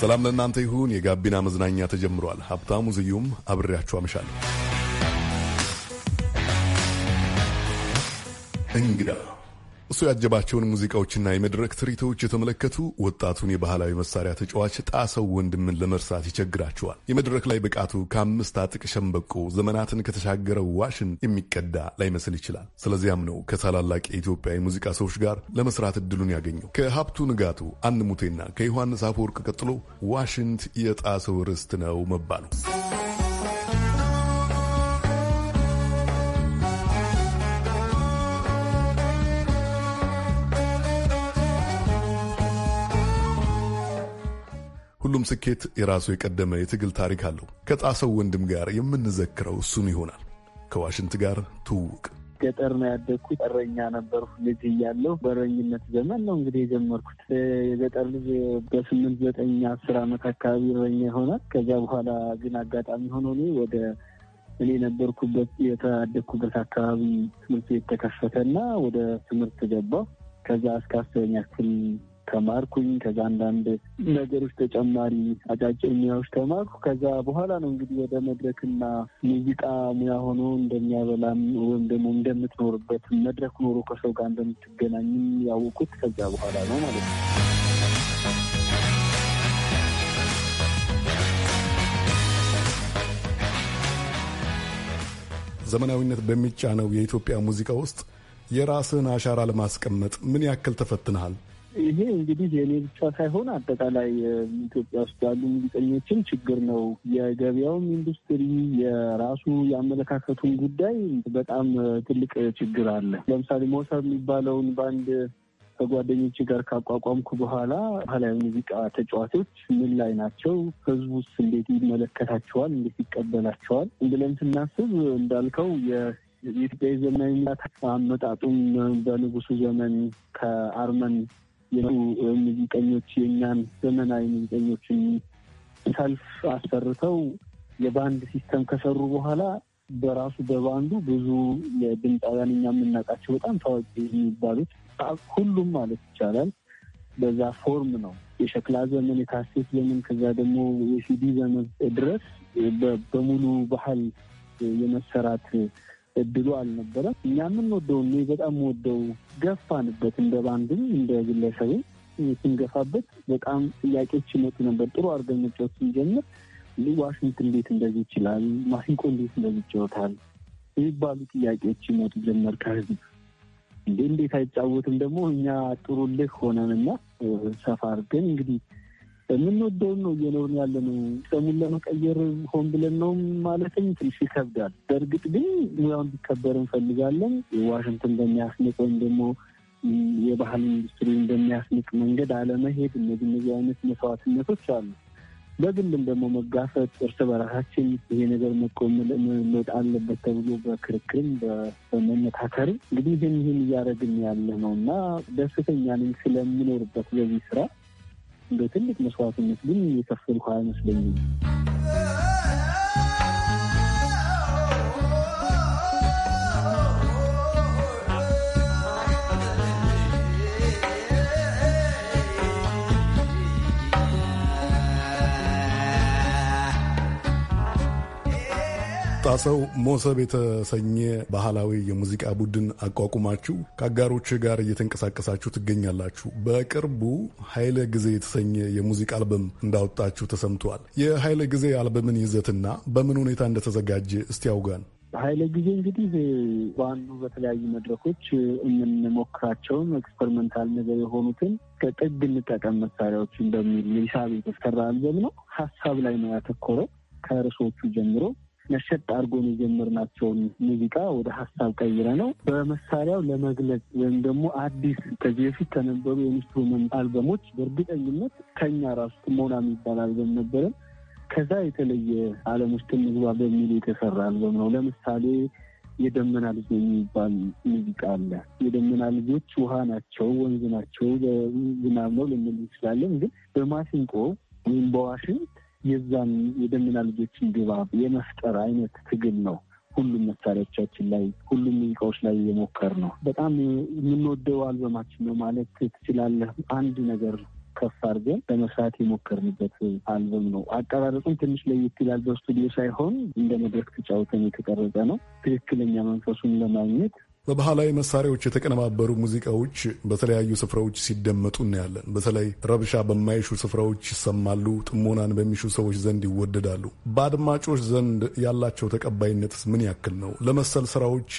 ሰላም ለእናንተ ይሁን። የጋቢና መዝናኛ ተጀምሯል። ሀብታሙ ዝዩም አብሬያችሁ አመሻለሁ። እንግዳ እሱ ያጀባቸውን ሙዚቃዎችና የመድረክ ትርኢቶች የተመለከቱ ወጣቱን የባህላዊ መሳሪያ ተጫዋች ጣሰው ወንድምን ለመርሳት ይቸግራቸዋል። የመድረክ ላይ ብቃቱ ከአምስት አጥቅ ሸምበቆ ዘመናትን ከተሻገረው ዋሽን የሚቀዳ ላይመስል ይችላል። ስለዚያም ነው ከታላላቅ የኢትዮጵያ የሙዚቃ ሰዎች ጋር ለመስራት እድሉን ያገኘው። ከሀብቱ ንጋቱ አንሙቴና ከዮሐንስ አፈወርቅ ቀጥሎ ዋሽንት የጣሰው ርስት ነው መባሉ ሁሉም ስኬት የራሱ የቀደመ የትግል ታሪክ አለው። ከጣሰው ወንድም ጋር የምንዘክረው እሱን ይሆናል። ከዋሽንት ጋር ትውውቅ ገጠር ነው ያደግኩት። እረኛ ነበርኩ ልጅ እያለሁ በእረኝነት ዘመን ነው እንግዲህ የጀመርኩት። የገጠር ልጅ በስምንት ዘጠኝ አስር ዓመት አካባቢ እረኛ ይሆናል። ከዚያ በኋላ ግን አጋጣሚ ሆኖ እኔ ወደ እኔ የነበርኩበት የተደግኩበት አካባቢ ትምህርት ቤት ተከፈተና ወደ ትምህርት ገባሁ። ከዛ እስከ አስረኛ ክፍል ተማርኩኝ። ከዛ አንዳንድ ነገሮች ተጨማሪ አጫጭር ሙያዎች ተማርኩ። ከዛ በኋላ ነው እንግዲህ ወደ መድረክና ሙዚቃ ሙያ ሆኖ እንደሚያበላም ወይም ደግሞ እንደምትኖርበት መድረክ ኖሮ ከሰው ጋር እንደምትገናኝም ያወቁት ከዛ በኋላ ነው ማለት ነው። ዘመናዊነት በሚጫነው የኢትዮጵያ ሙዚቃ ውስጥ የራስህን አሻራ ለማስቀመጥ ምን ያክል ተፈትንሃል? ይሄ እንግዲህ የእኔ ብቻ ሳይሆን አጠቃላይ ኢትዮጵያ ውስጥ ያሉ ሙዚቀኞችን ችግር ነው። የገበያውም ኢንዱስትሪ የራሱ የአመለካከቱን ጉዳይ በጣም ትልቅ ችግር አለ። ለምሳሌ ሞተር የሚባለውን በአንድ ከጓደኞች ጋር ካቋቋምኩ በኋላ ባህላዊ ሙዚቃ ተጫዋቾች ምን ላይ ናቸው? ህዝቡስ እንዴት ይመለከታቸዋል? እንዴት ይቀበላቸዋል? ብለን ስናስብ እንዳልከው የኢትዮጵያ ዘመን አመጣጡም በንጉሱ ዘመን ከአርመን ሙዚቀኞች የእኛን ዘመናዊ ሙዚቀኞችን ሰልፍ አሰርተው የባንድ ሲስተም ከሰሩ በኋላ በራሱ በባንዱ ብዙ የድምፃውያን እኛ የምናውቃቸው በጣም ታዋቂ የሚባሉት ሁሉም ማለት ይቻላል በዛ ፎርም ነው። የሸክላ ዘመን፣ የካሴት ዘመን፣ ከዛ ደግሞ የሲዲ ዘመን ድረስ በሙሉ ባህል የመሰራት እድሉ አልነበረም። እኛ የምንወደው እኔ በጣም ወደው ገፋንበት፣ እንደ ባንድም እንደ ግለሰብም ስንገፋበት በጣም ጥያቄዎች ይመጡ ነበር። ጥሩ አድርገን መጫወት ስንጀምር ዋሽንት እንዴት እንደዚህ ይችላል? ማሲንቆ እንዴት እንደዚህ ይጫወታል? የሚባሉ ጥያቄዎች ይመጡ ጀመር ከህዝብ እንዴ እንዴት አይጫወትም? ደግሞ እኛ ጥሩ ልህ ሆነንና ሰፋ አድርገን እንግዲህ የምንወደውን ነው እየኖርን ያለ ነው። ሰሙን ለመቀየር ሆን ብለን ነው ማለትም ትንሽ ይከብዳል። በእርግጥ ግን ሙያው እንዲከበር እንፈልጋለን። የዋሽንግተን እንደሚያስንቅ ወይም ደግሞ የባህል ኢንዱስትሪ እንደሚያስንቅ መንገድ አለመሄድ፣ እነዚህ እነዚህ አይነት መስዋዕትነቶች አሉ። በግልም ደግሞ መጋፈጥ እርስ በራሳችን ይሄ ነገር መቆመል አለበት ተብሎ በክርክርም በመመካከር እንግዲህ ይህን ይህን እያደረግን ያለ ነው እና ደስተኛ ነኝ ስለምኖርበት በዚህ ስራ እንደ ትልቅ መስዋዕትነት ግን እየከፈልኩ አይመስለኝም። ጣሰው ሞሰብ የተሰኘ ባህላዊ የሙዚቃ ቡድን አቋቁማችሁ ከአጋሮች ጋር እየተንቀሳቀሳችሁ ትገኛላችሁ። በቅርቡ ኃይለ ጊዜ የተሰኘ የሙዚቃ አልበም እንዳወጣችሁ ተሰምቷል። የኃይለ ጊዜ አልበምን ይዘትና በምን ሁኔታ እንደተዘጋጀ እስቲ ያውጋን። ኃይለ ጊዜ እንግዲህ በአንዱ በተለያዩ መድረኮች የምንሞክራቸውን ኤክስፐሪመንታል ነገር የሆኑትን ከጥግ እንጠቀም መሳሪያዎች እንደሚል ሂሳብ የተሰራ አልበም ነው። ሀሳብ ላይ ነው ያተኮረው ከርዕሶቹ ጀምሮ መሸጥ አድርጎ የጀመርናቸውን ሙዚቃ ወደ ሀሳብ ቀይረ ነው በመሳሪያው ለመግለጽ ወይም ደግሞ አዲስ ከዚህ በፊት ከነበሩ የኢንስትሩመንት አልበሞች በእርግጠኝነት ከኛ ራሱ ሞና የሚባል አልበም ነበረን። ከዛ የተለየ አለም ውስጥ ምግባ በሚል የተሰራ አልበም ነው። ለምሳሌ የደመና ልጅ የሚባል ሙዚቃ አለ። የደመና ልጆች ውሃ ናቸው፣ ወንዝ ናቸው፣ ዝናብ ነው ልንል እንችላለን። ግን በማሲንቆ ወይም በዋሽንት የዛን የደመና ልጆችን ድባብ የመፍጠር አይነት ትግል ነው። ሁሉም መሳሪያዎቻችን ላይ ሁሉም ሙዚቃዎች ላይ የሞከር ነው። በጣም የምንወደው አልበማችን ነው ማለት ትችላለህ። አንድ ነገር ከፍ አድርገን ለመስራት የሞከርንበት አልበም ነው። አቀራረጹም ትንሽ ለየት ይላል። በስቱዲዮ ሳይሆን እንደ መድረክ ተጫውተን የተቀረጸ ነው። ትክክለኛ መንፈሱን ለማግኘት በባህላዊ መሳሪያዎች የተቀነባበሩ ሙዚቃዎች በተለያዩ ስፍራዎች ሲደመጡ እናያለን። በተለይ ረብሻ በማይሹ ስፍራዎች ይሰማሉ፣ ጥሞናን በሚሹ ሰዎች ዘንድ ይወደዳሉ። በአድማጮች ዘንድ ያላቸው ተቀባይነትስ ምን ያክል ነው? ለመሰል ስራዎች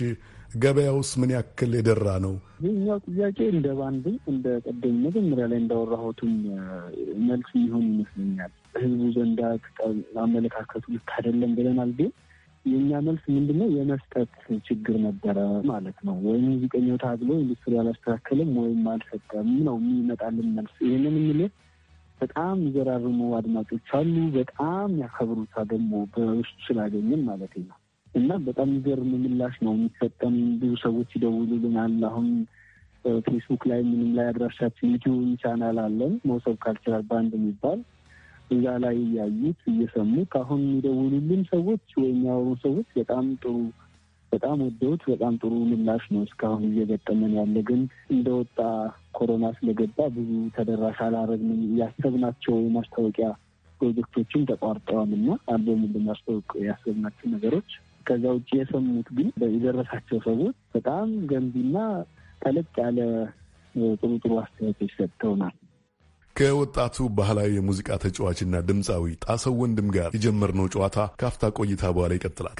ገበያ ውስጥ ምን ያክል የደራ ነው? ይህኛው ጥያቄ እንደ ባንድም እንደ ቀደም መጀመሪያ ላይ እንዳወራሁትም መልስ የሚሆን ይመስለኛል። ህዝቡ ዘንዳ አመለካከቱ ልክ አይደለም ብለናል ግን የእኛ መልስ ምንድነው? የመስጠት ችግር ነበረ ማለት ነው። ወይም ሙዚቀኛው ታግሎ ኢንዱስትሪ አላስተካከልም ወይም አልሰጠም ነው የሚመጣልን መልስ። ይህንን የሚል በጣም የሚዘራርሙ አድማጮች አሉ። በጣም ያከብሩታ ደግሞ በውስጡ ስላገኝም ማለት ነው። እና በጣም የሚገርም ምላሽ ነው የሚሰጠን። ብዙ ሰዎች ይደውሉልናል። አሁን ፌስቡክ ላይ ምንም ላይ አድራሻችን ዩቲዩብ ቻናል አለን መውሰብ ካልቸራል ባንድ የሚባል እዛ ላይ እያዩት እየሰሙ አሁን የሚደውሉልን ሰዎች ወይም የሚያወሩ ሰዎች በጣም ጥሩ በጣም ወደውት በጣም ጥሩ ምላሽ ነው እስካሁን እየገጠመን ያለ። ግን እንደወጣ ኮሮና ስለገባ ብዙ ተደራሽ አላረግንም። ያሰብናቸው የማስታወቂያ ፕሮጀክቶችን ተቋርጠዋል እና አልበሙን ለማስታወቅ ያሰብናቸው ነገሮች ከዛ ውጭ የሰሙት ግን የደረሳቸው ሰዎች በጣም ገንቢና ተለቅ ያለ ጥሩ ጥሩ አስተያየቶች ሰጥተውናል። ከወጣቱ ባህላዊ የሙዚቃ ተጫዋችና ድምፃዊ ጣሰው ወንድም ጋር የጀመርነው ጨዋታ ካፍታ ቆይታ በኋላ ይቀጥላል።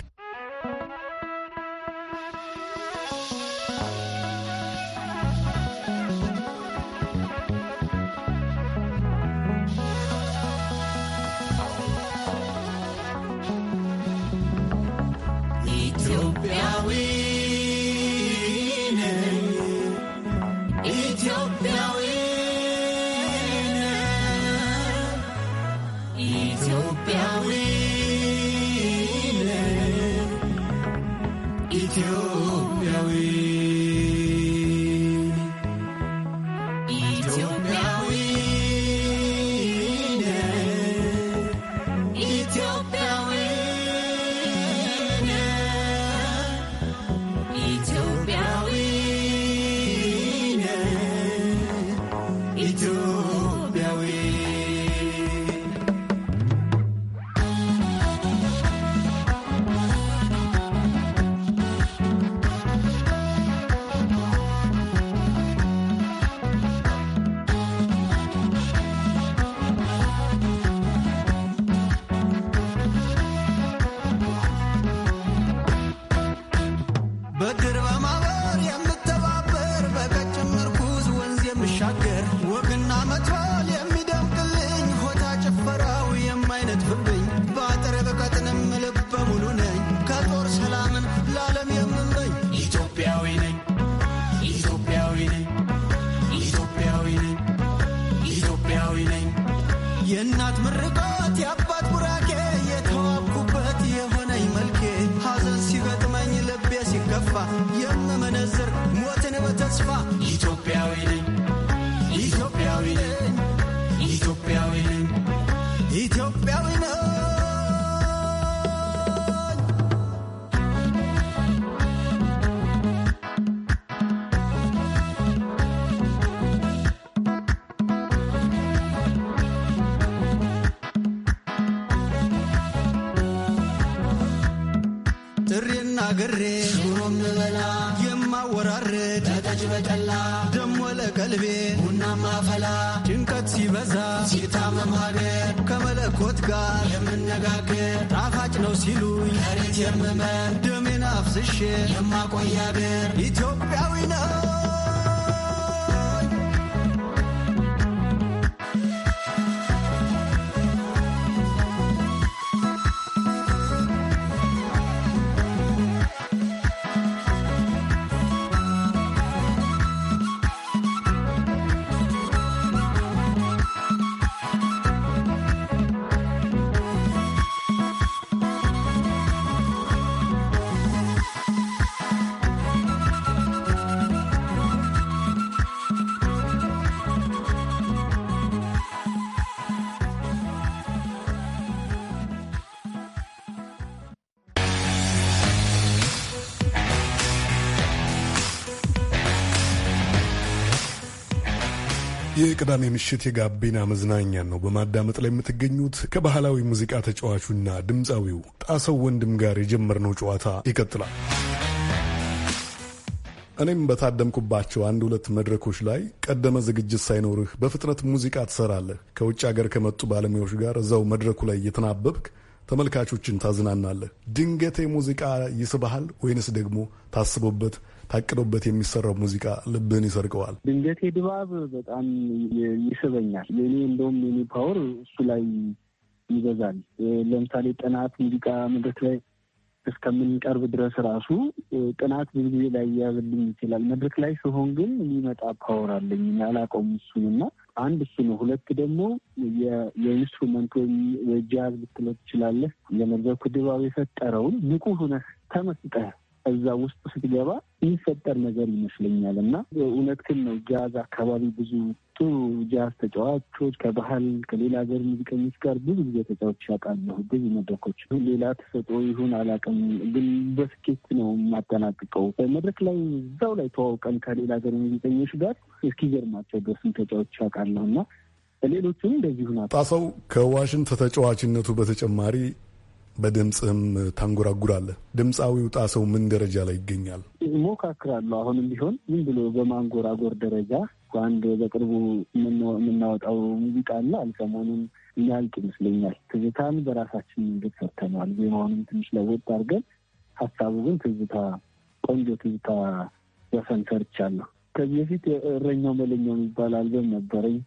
እሬና ግሬ ሽሮም ልበላ የማወራርድ ለጠጅ በጠላ ደሞ ለቀልቤ ቡናማ ፈላ ጭንቀት ሲበዛ ሲታመም ሀገር ከመለኮት ጋር የምነጋገር ጣፋጭ ነው ሲሉኝ መሬት የምመን ደሜን አፍስሼ የማቆይ አገር ኢትዮጵያዊ ነው የቅዳሜ ምሽት የጋቢና መዝናኛ ነው በማዳመጥ ላይ የምትገኙት። ከባህላዊ ሙዚቃ ተጫዋቹና ድምፃዊው ጣሰው ወንድም ጋር የጀመርነው ጨዋታ ይቀጥላል። እኔም በታደምኩባቸው አንድ ሁለት መድረኮች ላይ ቀደመ ዝግጅት ሳይኖርህ በፍጥነት ሙዚቃ ትሰራለህ። ከውጭ ሀገር ከመጡ ባለሙያዎች ጋር እዛው መድረኩ ላይ እየተናበብክ ተመልካቾችን ታዝናናለህ። ድንገቴ ሙዚቃ ይስብሃል ወይንስ ደግሞ ታስቦበት ታቅዶበት የሚሰራው ሙዚቃ ልብን ይሰርቀዋል። ድንገቴ ድባብ በጣም ይስበኛል። የኔ እንደውም የኔ ፓወር እሱ ላይ ይበዛል። ለምሳሌ ጥናት ሙዚቃ መድረክ ላይ እስከምንቀርብ ድረስ ራሱ ጥናት ብዙ ጊዜ ላይ ያዝልኝ ይችላል። መድረክ ላይ ሲሆን ግን የሚመጣ ፓወር አለኝ ያላቀውም እሱንና አንድ እሱ ነው። ሁለት ደግሞ የኢንስትሩመንት ወይም የጃዝ ልትለው ትችላለህ። የመድረኩ ድባብ የፈጠረውን ንቁ ሁነህ ተመስጠህ እዛ ውስጥ ስትገባ የሚፈጠር ነገር ይመስለኛል እና እውነት እውነትህን ነው። ጃዝ አካባቢ ብዙ ጥሩ ጃዝ ተጫዋቾች ከባህል ከሌላ ሀገር ሙዚቀኞች ጋር ብዙ ጊዜ ተጫዋች ያውቃለሁ። ብዙ መድረኮች ሌላ ተሰጦ ይሁን አላውቅም፣ ግን በስኬት ነው የማጠናቅቀው። መድረክ ላይ እዛው ላይ ተዋውቀን ከሌላ ሀገር ሙዚቀኞች ጋር እስኪገርማቸው ድረስም ተጫዋች ያውቃለሁ እና ሌሎቹም እንደዚሁ ናቸው። ጣሰው ከዋሽንት ተጫዋችነቱ በተጨማሪ በድምፅህም ታንጎራጉራለህ። ውጣ ሰው ምን ደረጃ ላይ ይገኛል? ሞካክራለሁ። አሁንም ቢሆን ዝም ብሎ በማንጎራጎር ደረጃ አንድ በቅርቡ የምናወጣው ሙዚቃ አለ አልሰሞኑን የሚያልቅ ይመስለኛል። ትዝታን በራሳችን መንገድ ሰርተነዋል። ዜማውንም ትንሽ ለወጥ አድርገን ሀሳቡ ግን ትዝታ ቆንጆ ትዝታ ዘፈን ሰርቻለሁ። ከዚህ በፊት እረኛው መለኛው የሚባል አልበም ነበረኝ።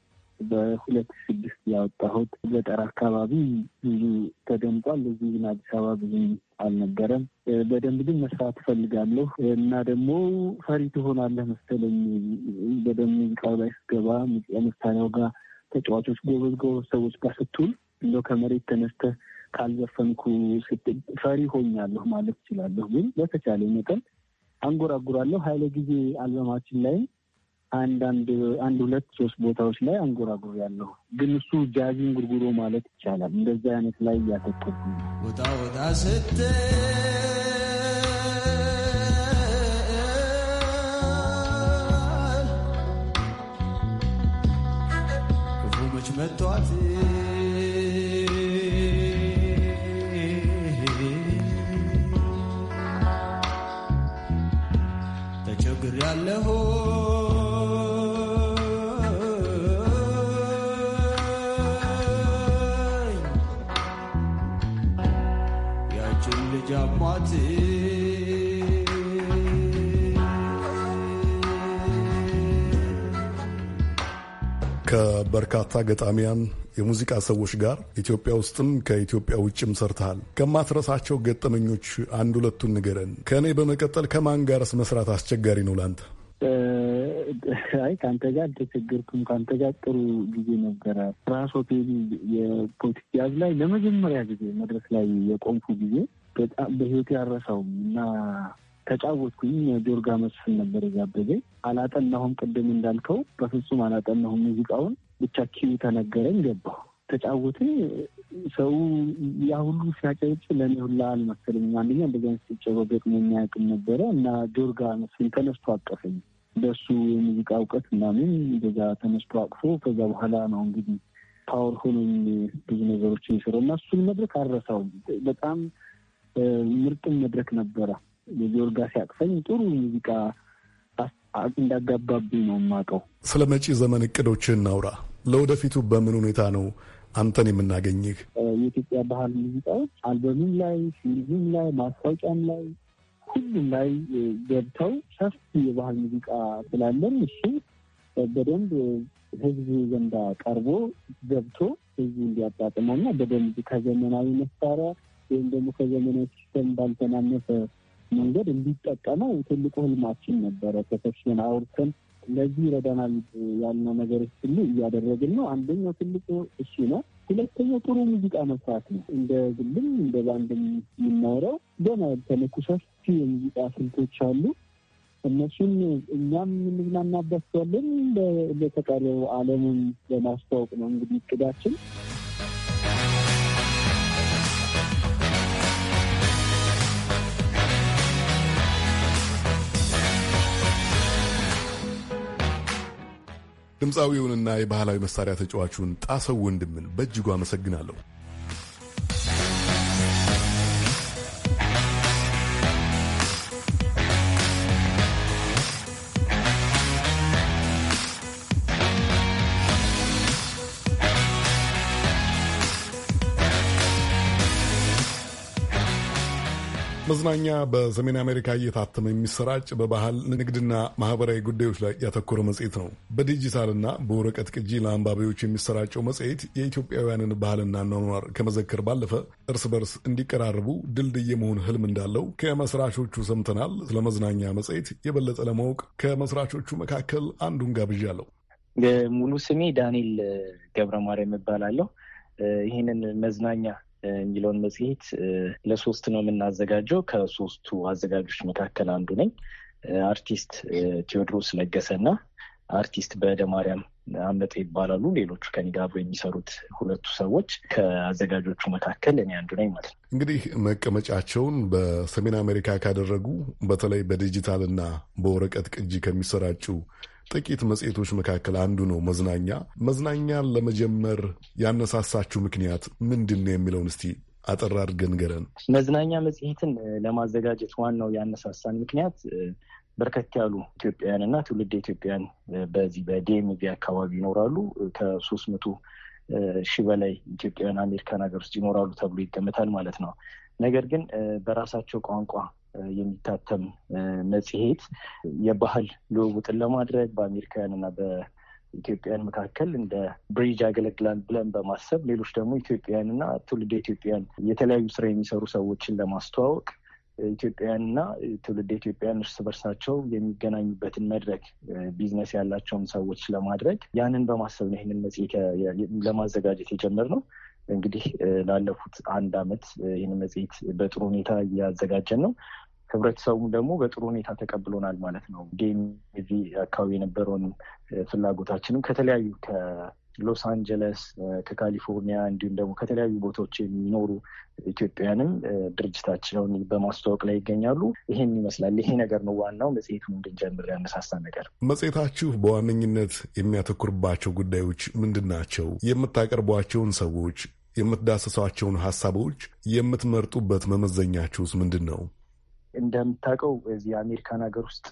በሁለት ስድስት ያወጣሁት ገጠር አካባቢ ብዙ ተደምጧል። እዚህ ግን አዲስ አበባ ብዙ አልነበረም። በደንብ ግን መስራት እፈልጋለሁ እና ደግሞ ፈሪ ትሆናለህ መሰለኝ በደንብ ሙዚቃ ላይ ስገባ ሙዚቃ መሳሪያው ጋር ተጫዋቾች ጎበዝ ጎበዝ ሰዎች ጋር ስትውል እንደው ከመሬት ተነስተህ ካልዘፈንኩ ስትል ፈሪ ሆኛለሁ ማለት እችላለሁ። ግን በተቻለ መጠን አንጎራጉራለሁ። ሀይለ ጊዜ አልበማችን ላይም አንዳንድ አንድ ሁለት ሶስት ቦታዎች ላይ አንጎራጉር ያለሁ ግን እሱ ጃዚን ጉርጉሮ ማለት ይቻላል። እንደዛ አይነት ላይ እያተጠቁ ወጣ ወጣ ስት ክፉሞች መጥቷት ተቸግር ያለሁ በርካታ ገጣሚያን፣ የሙዚቃ ሰዎች ጋር ኢትዮጵያ ውስጥም ከኢትዮጵያ ውጭም ሰርተሃል። ከማትረሳቸው ገጠመኞች አንድ ሁለቱን ንገረን። ከእኔ በመቀጠል ከማን ጋርስ መስራት አስቸጋሪ ነው ለአንተ? አይ ከአንተ ጋር አልተቸገርኩም። ከአንተ ጋር ጥሩ ጊዜ ነበረ። ራስ ሆቴል የፖቲያዝ ላይ ለመጀመሪያ ጊዜ መድረክ ላይ የቆምኩ ጊዜ በጣም በህይወት ያረሳውም እና ተጫወትኩኝ። ጆርጋ መስፍን ነበር የጋበዘኝ። አላጠናሁም፣ ቅድም እንዳልከው በፍጹም አላጠናሁም ሙዚቃውን። ብቻ ኪዩ ተነገረኝ፣ ገባሁ፣ ተጫወትን። ሰው ያ ሁሉ ሲያጨበጭ ለእኔ ሁላ አልመሰለኝም። አንደኛ እንደዚህ አይነት ጭብጨባ ገጥሞ የሚያውቅም ነበረ እና ጆርጋ መስፍን ተነስቶ አቀፈኝ። በሱ የሙዚቃ እውቀት ምናምን እንደዛ ተነስቶ አቅፎ ከዛ በኋላ ነው እንግዲህ ፓወር ሆኖኝ ብዙ ነገሮችን የሰራው እና እሱን መድረክ አልረሳውም። በጣም ምርጥም መድረክ ነበረ። የጊዮርጋ ሲያቅፈኝ ጥሩ ሙዚቃ እንዳጋባብኝ ነው የማውቀው። ስለ መጪ ዘመን እቅዶችህ እናውራ። ለወደፊቱ በምን ሁኔታ ነው አንተን የምናገኝህ? የኢትዮጵያ ባህል ሙዚቃዎች አልበምም ላይ ፊልምም ላይ ማስታወቂያም ላይ ሁሉም ላይ ገብተው ሰፊ የባህል ሙዚቃ ስላለን እሱ በደንብ ህዝብ ዘንዳ ቀርቦ ገብቶ ህዝቡ እንዲያጣጥመውና በደንብ ከዘመናዊ መሳሪያ ወይም ደግሞ ከዘመናዊ ሲስተም ባልተናነፈ መንገድ እንዲጠቀመው ትልቁ ህልማችን ነበረ። ተሰሽን አውርተን ለዚህ ይረዳናል ያልነው ነገሮች ሁሉ እያደረግን ነው። አንደኛው ትልቁ እሱ ነው። ሁለተኛው ጥሩ ሙዚቃ መስራት ነው። እንደ ግልም እንደ ባንድ የምናወራው ገና ያልተለኩ ሰፊ የሙዚቃ ስልቶች አሉ። እነሱን እኛም እንዝናናባቸዋለን፣ ለተቀረው ዓለምም ለማስተዋወቅ ነው እንግዲህ እቅዳችን። ድምፃዊውንና የባህላዊ መሳሪያ ተጫዋቹን ጣሰው ወንድምን በእጅጉ አመሰግናለሁ። መዝናኛ በሰሜን አሜሪካ እየታተመ የሚሰራጭ በባህል ንግድና ማህበራዊ ጉዳዮች ላይ ያተኮረ መጽሔት ነው። በዲጂታልና በወረቀት ቅጂ ለአንባቢዎች የሚሰራጨው መጽሔት የኢትዮጵያውያንን ባህልና ኗኗር ከመዘከር ባለፈ እርስ በርስ እንዲቀራርቡ ድልድይ የመሆን ህልም እንዳለው ከመስራቾቹ ሰምተናል። ስለ መዝናኛ መጽሔት የበለጠ ለማወቅ ከመስራቾቹ መካከል አንዱን ጋብዣለሁ። ሙሉ ስሜ ዳንኤል ገብረ ማርያም እባላለሁ። ይህንን መዝናኛ የሚለውን መጽሔት ለሶስት ነው የምናዘጋጀው። ከሶስቱ አዘጋጆች መካከል አንዱ ነኝ። አርቲስት ቴዎድሮስ ለገሰና አርቲስት ማርያም አመጠ ይባላሉ። ሌሎቹ ከኔ ጋር አብሮ የሚሰሩት ሁለቱ ሰዎች ከአዘጋጆቹ መካከል እኔ አንዱ ነኝ ማለት ነው። እንግዲህ መቀመጫቸውን በሰሜን አሜሪካ ካደረጉ በተለይ በዲጂታልና በወረቀት ቅጂ ከሚሰራጩ ጥቂት መጽሔቶች መካከል አንዱ ነው መዝናኛ። መዝናኛን ለመጀመር ያነሳሳችሁ ምክንያት ምንድን ነው የሚለውን እስቲ አጠር አድርገን ንገረን። መዝናኛ መጽሔትን ለማዘጋጀት ዋናው ያነሳሳን ምክንያት በርከት ያሉ ኢትዮጵያውያን እና ትውልድ ኢትዮጵያውያን በዚህ በዲኤምቪ አካባቢ ይኖራሉ። ከሶስት መቶ ሺህ በላይ ኢትዮጵያውያን አሜሪካን ሀገር ውስጥ ይኖራሉ ተብሎ ይገመታል ማለት ነው። ነገር ግን በራሳቸው ቋንቋ የሚታተም መጽሔት የባህል ልውውጥን ለማድረግ በአሜሪካውያን እና በኢትዮጵያውያን መካከል እንደ ብሪጅ ያገለግላል ብለን በማሰብ ሌሎች ደግሞ ኢትዮጵያውያን እና ትውልደ ኢትዮጵያውያን የተለያዩ ስራ የሚሰሩ ሰዎችን ለማስተዋወቅ ኢትዮጵያውያንና ትውልደ ኢትዮጵያውያን እርስ በርሳቸው የሚገናኙበትን መድረክ ቢዝነስ ያላቸውን ሰዎች ለማድረግ ያንን በማሰብ ነው ይህንን መጽሔት ለማዘጋጀት የጀመርነው። እንግዲህ ላለፉት አንድ ዓመት ይህን መጽሔት በጥሩ ሁኔታ እያዘጋጀን ነው። ህብረተሰቡም ደግሞ በጥሩ ሁኔታ ተቀብሎናል ማለት ነው። ጌም እዚህ አካባቢ የነበረውን ፍላጎታችንም ከተለያዩ ሎስ አንጀለስ ከካሊፎርኒያ እንዲሁም ደግሞ ከተለያዩ ቦታዎች የሚኖሩ ኢትዮጵያውያንም ድርጅታቸውን በማስተዋወቅ ላይ ይገኛሉ። ይሄን ይመስላል። ይሄ ነገር ነው ዋናው መጽሔቱን እንድንጀምር ያነሳሳ ነገር። መጽሔታችሁ በዋነኝነት የሚያተኩርባቸው ጉዳዮች ምንድን ናቸው? የምታቀርቧቸውን ሰዎች የምትዳሰሷቸውን ሀሳቦች የምትመርጡበት መመዘኛችሁስ ምንድን ነው? እንደምታውቀው እዚህ አሜሪካን ሀገር ውስጥ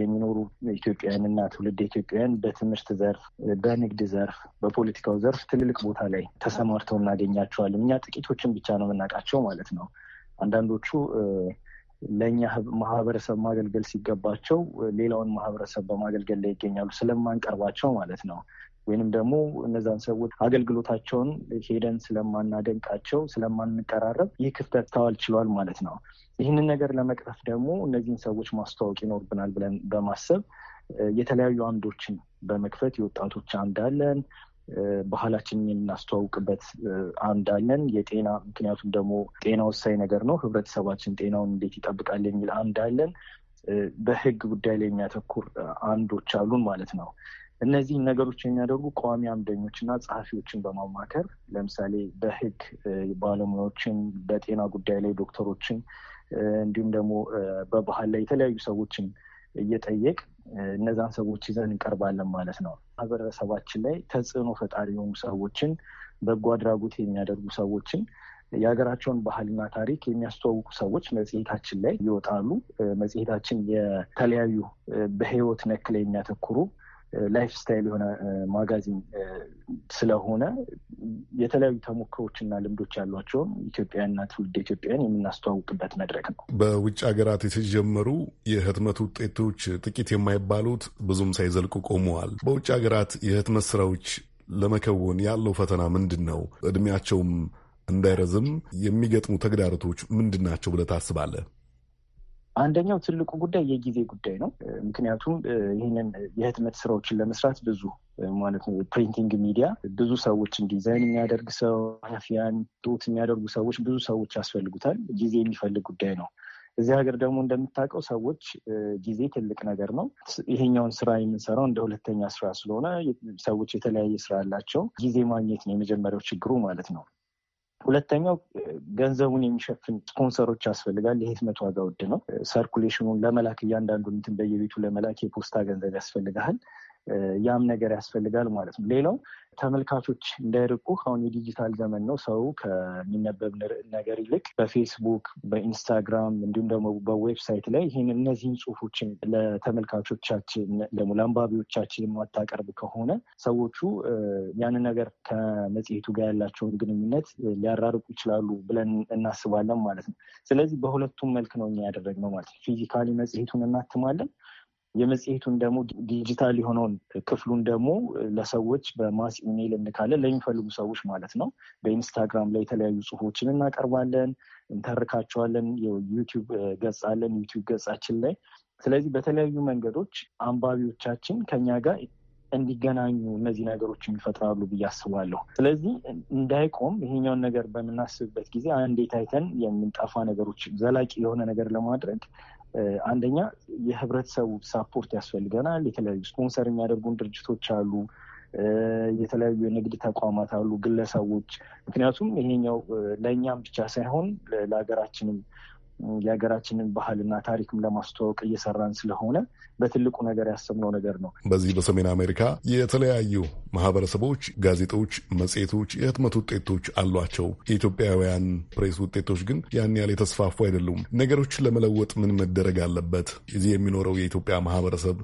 የሚኖሩ ኢትዮጵያውያን እና ትውልድ ኢትዮጵያውያን በትምህርት ዘርፍ፣ በንግድ ዘርፍ፣ በፖለቲካው ዘርፍ ትልልቅ ቦታ ላይ ተሰማርተው እናገኛቸዋለን። እኛ ጥቂቶችን ብቻ ነው የምናውቃቸው ማለት ነው። አንዳንዶቹ ለእኛ ማህበረሰብ ማገልገል ሲገባቸው ሌላውን ማህበረሰብ በማገልገል ላይ ይገኛሉ ስለማንቀርባቸው ማለት ነው። ወይንም ደግሞ እነዛን ሰዎች አገልግሎታቸውን ሄደን ስለማናደንቃቸው፣ ስለማንቀራረብ ይህ ክፍተት ታዋል ችሏል ማለት ነው። ይህንን ነገር ለመቅረፍ ደግሞ እነዚህን ሰዎች ማስተዋወቅ ይኖርብናል ብለን በማሰብ የተለያዩ አምዶችን በመክፈት የወጣቶች አምድ አለን፣ ባህላችንን የምናስተዋውቅበት አምድ አለን። የጤና ምክንያቱም ደግሞ ጤና ወሳኝ ነገር ነው። ህብረተሰባችን ጤናውን እንዴት ይጠብቃል የሚል አምድ አለን። በህግ ጉዳይ ላይ የሚያተኩር አምዶች አሉን ማለት ነው። እነዚህን ነገሮች የሚያደርጉ ቋሚ አምደኞች እና ጸሐፊዎችን በማማከር ለምሳሌ በህግ ባለሙያዎችን፣ በጤና ጉዳይ ላይ ዶክተሮችን፣ እንዲሁም ደግሞ በባህል ላይ የተለያዩ ሰዎችን እየጠየቅ እነዛን ሰዎች ይዘን እንቀርባለን ማለት ነው። ማህበረሰባችን ላይ ተጽዕኖ ፈጣሪ የሆኑ ሰዎችን፣ በጎ አድራጎት የሚያደርጉ ሰዎችን፣ የሀገራቸውን ባህልና ታሪክ የሚያስተዋውቁ ሰዎች መጽሔታችን ላይ ይወጣሉ። መጽሔታችን የተለያዩ በህይወት ነክ ላይ የሚያተኩሩ ላይፍ ስታይል የሆነ ማጋዚን ስለሆነ የተለያዩ ተሞክሮችና ልምዶች ያሏቸውን ኢትዮጵያና ትውልድ ኢትዮጵያን የምናስተዋውቅበት መድረክ ነው። በውጭ ሀገራት የተጀመሩ የህትመት ውጤቶች ጥቂት የማይባሉት ብዙም ሳይዘልቁ ቆመዋል። በውጭ ሀገራት የህትመት ስራዎች ለመከወን ያለው ፈተና ምንድን ነው? እድሜያቸውም እንዳይረዝም የሚገጥሙ ተግዳሮቶች ምንድን ናቸው ብለህ ታስባለህ? አንደኛው ትልቁ ጉዳይ የጊዜ ጉዳይ ነው። ምክንያቱም ይህንን የህትመት ስራዎችን ለመስራት ብዙ ማለት ነው ፕሪንቲንግ ሚዲያ ብዙ ሰዎችን ዲዛይን የሚያደርግ ሰው፣ ሀፊያን፣ ጡት የሚያደርጉ ሰዎች ብዙ ሰዎች ያስፈልጉታል። ጊዜ የሚፈልግ ጉዳይ ነው። እዚህ ሀገር ደግሞ እንደምታውቀው ሰዎች ጊዜ ትልቅ ነገር ነው። ይሄኛውን ስራ የምንሰራው እንደ ሁለተኛ ስራ ስለሆነ ሰዎች የተለያየ ስራ አላቸው። ጊዜ ማግኘት ነው የመጀመሪያው ችግሩ ማለት ነው። ሁለተኛው ገንዘቡን የሚሸፍን ስፖንሰሮች ያስፈልጋል። ህትመት ዋጋ ውድ ነው። ሰርኩሌሽኑን ለመላክ እያንዳንዱ እንትን በየቤቱ ለመላክ የፖስታ ገንዘብ ያስፈልግሃል። ያም ነገር ያስፈልጋል ማለት ነው። ሌላው ተመልካቾች እንዳይርቁ አሁን የዲጂታል ዘመን ነው። ሰው ከሚነበብ ነገር ይልቅ በፌስቡክ፣ በኢንስታግራም እንዲሁም ደግሞ በዌብሳይት ላይ ይህን እነዚህን ጽሁፎችን ለተመልካቾቻችን ደግሞ ለአንባቢዎቻችን የማታቀርብ ከሆነ ሰዎቹ ያንን ነገር ከመጽሔቱ ጋር ያላቸውን ግንኙነት ሊያራርቁ ይችላሉ ብለን እናስባለን ማለት ነው። ስለዚህ በሁለቱም መልክ ነው እኛ ያደረግነው ማለት ነው። ፊዚካሊ መጽሔቱን እናትማለን። የመጽሔቱን ደግሞ ዲጂታል የሆነውን ክፍሉን ደግሞ ለሰዎች በማስ ኢሜይል እንካለን ለሚፈልጉ ሰዎች ማለት ነው። በኢንስታግራም ላይ የተለያዩ ጽሁፎችን እናቀርባለን፣ እንተርካቸዋለን። ዩቲዩብ ገጽ አለን፣ ዩቲዩብ ገጻችን ላይ ስለዚህ በተለያዩ መንገዶች አንባቢዎቻችን ከኛ ጋር እንዲገናኙ እነዚህ ነገሮች ይፈጥራሉ ብዬ አስባለሁ። ስለዚህ እንዳይቆም ይሄኛውን ነገር በምናስብበት ጊዜ አንዴ ታይተን የምንጠፋ ነገሮች ዘላቂ የሆነ ነገር ለማድረግ አንደኛ የህብረተሰቡ ሳፖርት ያስፈልገናል። የተለያዩ ስፖንሰር የሚያደርጉን ድርጅቶች አሉ፣ የተለያዩ የንግድ ተቋማት አሉ፣ ግለሰቦች። ምክንያቱም ይሄኛው ለእኛም ብቻ ሳይሆን ለሀገራችንም የሀገራችንን ባህልና ታሪክም ለማስተዋወቅ እየሰራን ስለሆነ በትልቁ ነገር ያሰብነው ነገር ነው። በዚህ በሰሜን አሜሪካ የተለያዩ ማህበረሰቦች ጋዜጦች፣ መጽሔቶች፣ የህትመት ውጤቶች አሏቸው። የኢትዮጵያውያን ፕሬስ ውጤቶች ግን ያን ያህል የተስፋፉ አይደሉም። ነገሮችን ለመለወጥ ምን መደረግ አለበት? እዚህ የሚኖረው የኢትዮጵያ ማህበረሰብ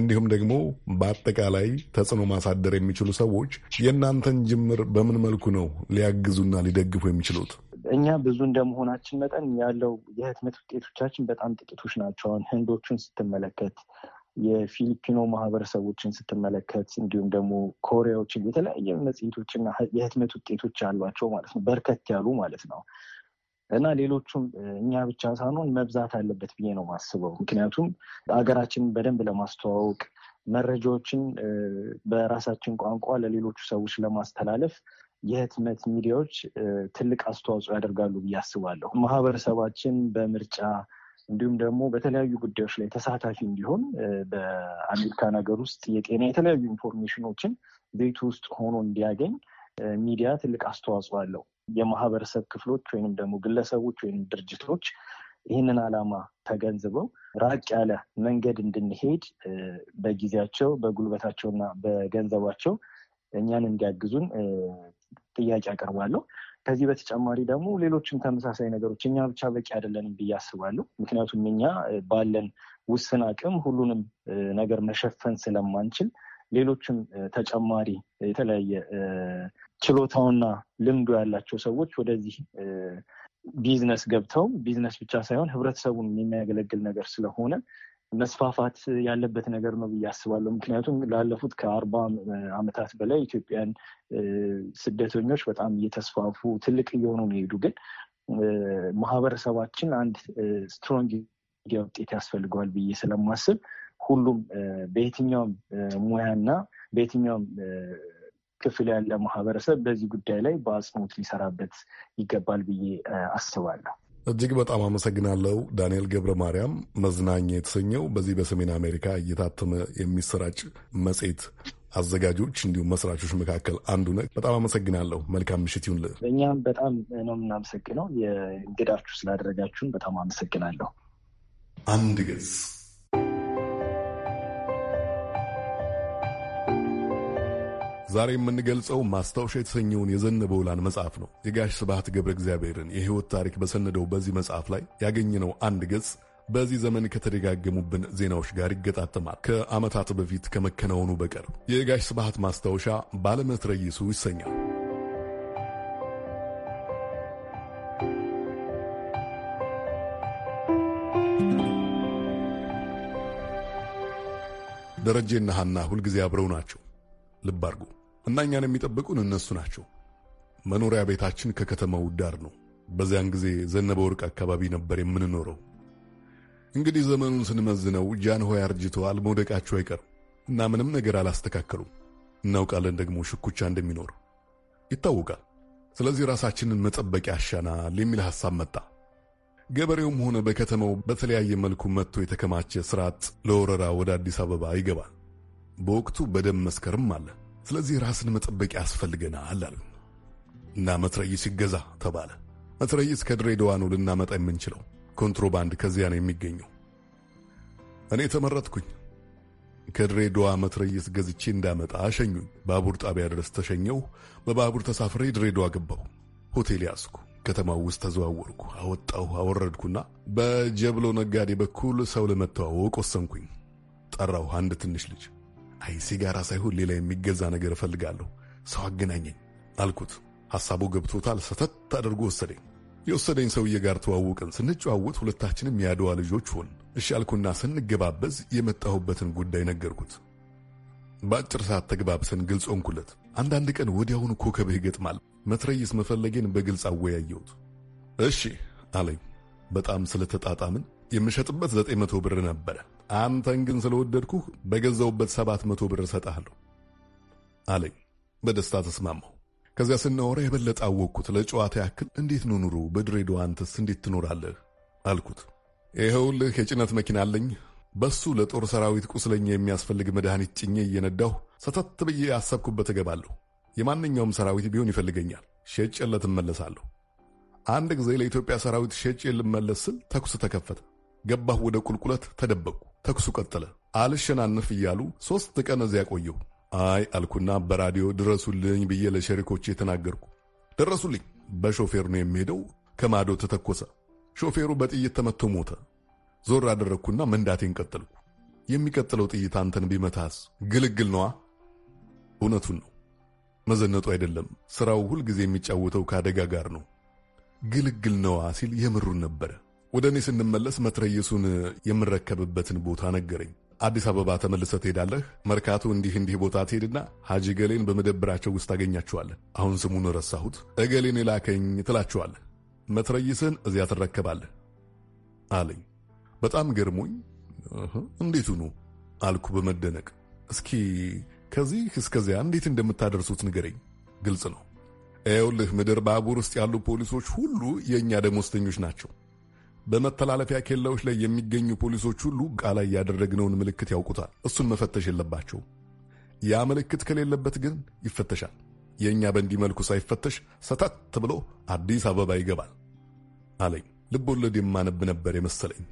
እንዲሁም ደግሞ በአጠቃላይ ተጽዕኖ ማሳደር የሚችሉ ሰዎች የእናንተን ጅምር በምን መልኩ ነው ሊያግዙና ሊደግፉ የሚችሉት? እኛ ብዙ እንደመሆናችን መጠን ያለው የህትመት ውጤቶቻችን በጣም ጥቂቶች ናቸው። ህንዶቹን ስትመለከት፣ የፊሊፒኖ ማህበረሰቦችን ስትመለከት፣ እንዲሁም ደግሞ ኮሪያዎችን የተለያየ መጽሄቶችና የህትመት ውጤቶች ያሏቸው ማለት ነው በርከት ያሉ ማለት ነው እና ሌሎቹም እኛ ብቻ ሳንሆን መብዛት አለበት ብዬ ነው ማስበው። ምክንያቱም ሀገራችንን በደንብ ለማስተዋወቅ መረጃዎችን በራሳችን ቋንቋ ለሌሎቹ ሰዎች ለማስተላለፍ የህትመት ሚዲያዎች ትልቅ አስተዋጽኦ ያደርጋሉ ብዬ አስባለሁ። ማህበረሰባችን በምርጫ እንዲሁም ደግሞ በተለያዩ ጉዳዮች ላይ ተሳታፊ እንዲሆን በአሜሪካን ሀገር ውስጥ የጤና የተለያዩ ኢንፎርሜሽኖችን ቤቱ ውስጥ ሆኖ እንዲያገኝ ሚዲያ ትልቅ አስተዋጽኦ አለው። የማህበረሰብ ክፍሎች ወይም ደግሞ ግለሰቦች ወይም ድርጅቶች ይህንን ዓላማ ተገንዝበው ራቅ ያለ መንገድ እንድንሄድ በጊዜያቸው በጉልበታቸውና በገንዘባቸው እኛን እንዲያግዙን ጥያቄ አቀርባለሁ። ከዚህ በተጨማሪ ደግሞ ሌሎችም ተመሳሳይ ነገሮች እኛ ብቻ በቂ አይደለንም ብዬ አስባለሁ። ምክንያቱም እኛ ባለን ውስን አቅም ሁሉንም ነገር መሸፈን ስለማንችል ሌሎችም ተጨማሪ የተለያየ ችሎታውና ልምዱ ያላቸው ሰዎች ወደዚህ ቢዝነስ ገብተው ቢዝነስ ብቻ ሳይሆን ህብረተሰቡን የሚያገለግል ነገር ስለሆነ መስፋፋት ያለበት ነገር ነው ብዬ አስባለሁ። ምክንያቱም ላለፉት ከአርባ ዓመታት በላይ ኢትዮጵያን ስደተኞች በጣም እየተስፋፉ ትልቅ እየሆኑ ነው ሄዱ። ግን ማህበረሰባችን አንድ ስትሮንግ ሚዲያ ውጤት ያስፈልገዋል ብዬ ስለማስብ ሁሉም በየትኛውም ሙያና በየትኛውም ክፍል ያለ ማህበረሰብ በዚህ ጉዳይ ላይ በአጽንኦት ሊሰራበት ይገባል ብዬ አስባለሁ። እጅግ በጣም አመሰግናለሁ ዳንኤል ገብረ ማርያም። መዝናኛ የተሰኘው በዚህ በሰሜን አሜሪካ እየታተመ የሚሰራጭ መጽሔት አዘጋጆች እንዲሁም መስራቾች መካከል አንዱ ነ በጣም አመሰግናለሁ። መልካም ምሽት ይሁን። እኛም በጣም ነው የምናመሰግነው። የእንግዳችሁ ስላደረጋችሁን በጣም አመሰግናለሁ። አንድ ገጽ ዛሬ የምንገልጸው ማስታወሻ የተሰኘውን በውላን መጽሐፍ ነው። የጋሽ ስብሐት ገብረ እግዚአብሔርን የሕይወት ታሪክ በሰነደው በዚህ መጽሐፍ ላይ ያገኘነው አንድ ገጽ በዚህ ዘመን ከተደጋገሙብን ዜናዎች ጋር ይገጣጠማል። ከዓመታት በፊት ከመከናወኑ በቀር የጋሽ ስብሐት ማስታወሻ ባለመትረይሱ ይሰኛል። ደረጄና ሐና ሁልጊዜ አብረው ናቸው። ልብ አድርጉ። እና እኛን የሚጠብቁን እነሱ ናቸው። መኖሪያ ቤታችን ከከተማው ዳር ነው። በዚያን ጊዜ ዘነበ ወርቅ አካባቢ ነበር የምንኖረው። እንግዲህ ዘመኑን ስንመዝነው ጃንሆይ አርጅተዋል፣ መውደቃቸው አይቀርም እና ምንም ነገር አላስተካከሉም። እናውቃለን ደግሞ ሽኩቻ እንደሚኖር ይታወቃል። ስለዚህ ራሳችንን መጠበቅ ያሻናል የሚል ሐሳብ መጣ። ገበሬውም ሆነ በከተማው በተለያየ መልኩ መጥቶ የተከማቸ ስርዓት ለወረራ ወደ አዲስ አበባ ይገባል። በወቅቱ በደም መስከርም አለ። ስለዚህ ራስን መጠበቅ ያስፈልገናል አሉ እና መትረይስ ይገዛ ተባለ። መትረይስ ከድሬዳዋ ነው ልናመጣ የምንችለው። ኮንትሮባንድ ከዚያ ነው የሚገኘው። እኔ ተመረጥኩኝ። ከድሬዳዋ መትረይስ ገዝቼ እንዳመጣ አሸኙኝ። ባቡር ጣቢያ ድረስ ተሸኘው። በባቡር ተሳፍሬ ድሬዳዋ ገባሁ። ሆቴል ያዝኩ። ከተማው ውስጥ ተዘዋወርኩ። አወጣሁ፣ አወረድኩና በጀብሎ ነጋዴ በኩል ሰው ለመተዋወቅ ወሰንኩኝ። ጠራሁ አንድ ትንሽ ልጅ አይ ሲጋራ ሳይሆን ሌላ የሚገዛ ነገር እፈልጋለሁ፣ ሰው አገናኘኝ አልኩት። ሐሳቡ ገብቶታል። ሰተት አድርጎ ወሰደኝ። የወሰደኝ ሰውዬ ጋር ተዋውቅን። ስንጨዋወት ሁለታችንም የአድዋ ልጆች ሆን። እሺ አልኩና ስንገባበዝ የመጣሁበትን ጉዳይ ነገርኩት። በአጭር ሰዓት ተግባብሰን ግልጽ ሆንኩለት። አንዳንድ ቀን ወዲያውኑ ኮከብህ ይገጥማል። መትረይስ መፈለጌን በግልጽ አወያየሁት። እሺ አለኝ። በጣም ስለተጣጣምን የምሸጥበት ዘጠኝ መቶ ብር ነበረ። አንተን ግን ስለወደድኩህ በገዛውበት ሰባት መቶ ብር እሰጥሃለሁ አለኝ። በደስታ ተስማማሁ። ከዚያ ስናወራ የበለጠ አወቅኩት። ለጨዋታ ያክል እንዴት ነው ኑሮ በድሬዳዋ አንተስ እንዴት ትኖራለህ አልኩት። ይኸውልህ የጭነት መኪና አለኝ። በሱ ለጦር ሰራዊት ቁስለኛ የሚያስፈልግ መድኃኒት ጭኜ እየነዳሁ ሰተት ብዬ ያሰብኩበት እገባለሁ። የማንኛውም ሰራዊት ቢሆን ይፈልገኛል። ሸጬለት እመለሳለሁ። አንድ ጊዜ ለኢትዮጵያ ሰራዊት ሸጬ ልመለስ ስል ተኩስ ተከፈተ። ገባሁ ወደ ቁልቁለት ተደበቅኩ። ተኩሱ ቀጠለ። አልሸናነፍ እያሉ ሦስት ቀን እዚያ ቆየሁ። አይ አልኩና በራዲዮ ድረሱልኝ ብዬ ለሸሪኮቼ ተናገርኩ። ደረሱልኝ። በሾፌር ነው የሚሄደው። ከማዶ ተተኮሰ። ሾፌሩ በጥይት ተመቶ ሞተ። ዞር አደረግኩና መንዳቴን ቀጠልኩ። የሚቀጥለው ጥይት አንተን ቢመታስ? ግልግል ነዋ። እውነቱን ነው። መዘነጡ አይደለም። ስራው ሁልጊዜ የሚጫወተው ከአደጋ ጋር ነው። ግልግል ነዋ ሲል የምሩን ነበረ። ወደ እኔ ስንመለስ መትረየሱን የምረከብበትን ቦታ ነገረኝ። አዲስ አበባ ተመልሰ ትሄዳለህ፣ መርካቶ እንዲህ እንዲህ ቦታ ትሄድና ሐጂ ገሌን በመደብራቸው ውስጥ ታገኛችኋለህ። አሁን ስሙን ረሳሁት። እገሌን የላከኝ ትላችኋለህ። መትረይስን እዚያ ትረከባለህ አለኝ። በጣም ገርሞኝ እንዴቱኑ አልኩ በመደነቅ። እስኪ ከዚህ እስከዚያ እንዴት እንደምታደርሱት ንገረኝ። ግልጽ ነው። ኤውልህ ምድር ባቡር ውስጥ ያሉ ፖሊሶች ሁሉ የእኛ ደሞዝተኞች ናቸው። በመተላለፊያ ኬላዎች ላይ የሚገኙ ፖሊሶች ሁሉ ላይ ያደረግነውን ምልክት ያውቁታል። እሱን መፈተሽ የለባቸው ያ ምልክት ከሌለበት ግን ይፈተሻል። የእኛ በእንዲህ መልኩ ሳይፈተሽ ሰተት ብሎ አዲስ አበባ ይገባል አለኝ። ልብ ወለድ የማነብ ነበር የመሰለኝ።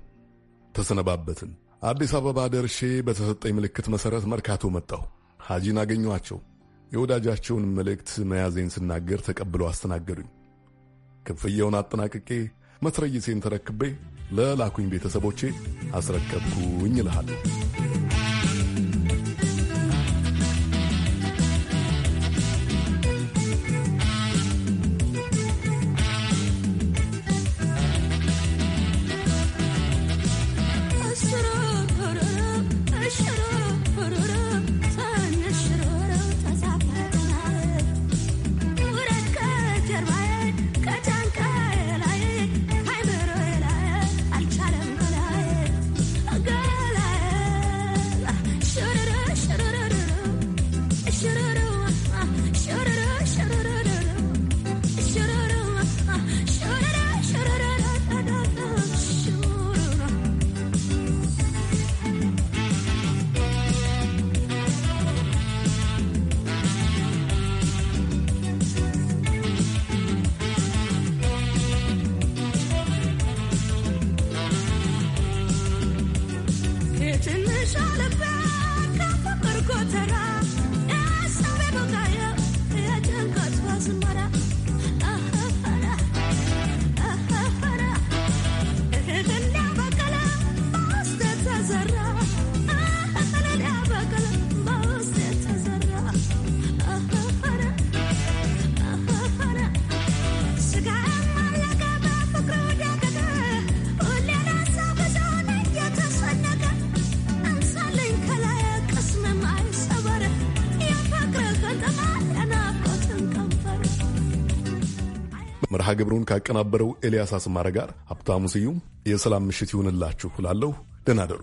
ተሰነባበትን። አዲስ አበባ ደርሼ በተሰጠኝ ምልክት መሠረት መርካቶ መጣሁ። ሐጂን አገኘኋቸው። የወዳጃቸውን መልእክት መያዜን ስናገር ተቀብለው አስተናገዱኝ። ክፍያውን አጠናቅቄ መትረየሴን ተረክቤ ለላኩኝ ቤተሰቦቼ አስረከብኩኝ ይልሃል። ግብሩን ካቀናበረው ኤልያስ አስማረ ጋር ሀብታሙ ስዩም የሰላም ምሽት ይሁንላችሁ እላለሁ። ደህና ደሩ።